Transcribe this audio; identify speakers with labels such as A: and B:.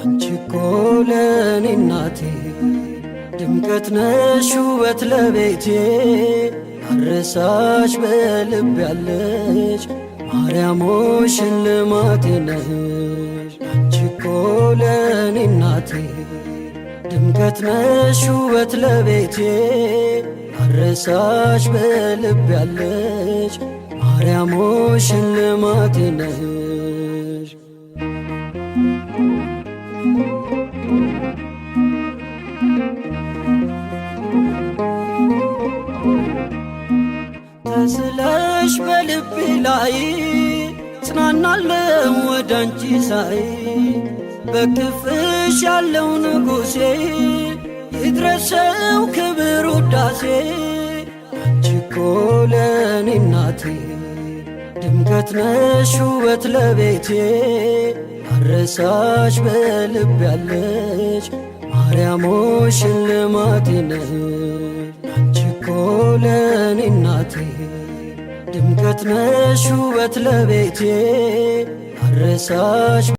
A: አንቺ እኮ ለኔ እናቴ ድምቀት ነሽ ውበት ለቤቴ አረሳሽ በልብ ያለሽ ማርያሞ ሽልማቴ ነሽ አንቺ እኮ ለኔ እናቴ ድምቀት ነሽ ውበት ለቤቴ አረሳሽ በልብ ያለሽ ማርያሞ ሽልማቴ ነሽ
B: ተስለሽ በልቤ ላይ ጽናናለው ወደ አንቺ ሳይ በክፍሽ ያለው ንጉሴ ይድረሰው ክብር ውዳሴ
A: አንቺ እኮ ለኔ እናቴ ድምቀት ነሽ ውበት ለቤቴ አረሳሽ በልብ ያለች ማርያሞ ሽልማቴ ነሽ አንቺ እኮ ለኔ እናቴ ድምቀት ነሽ ውበት ለቤቴ አረሳሽ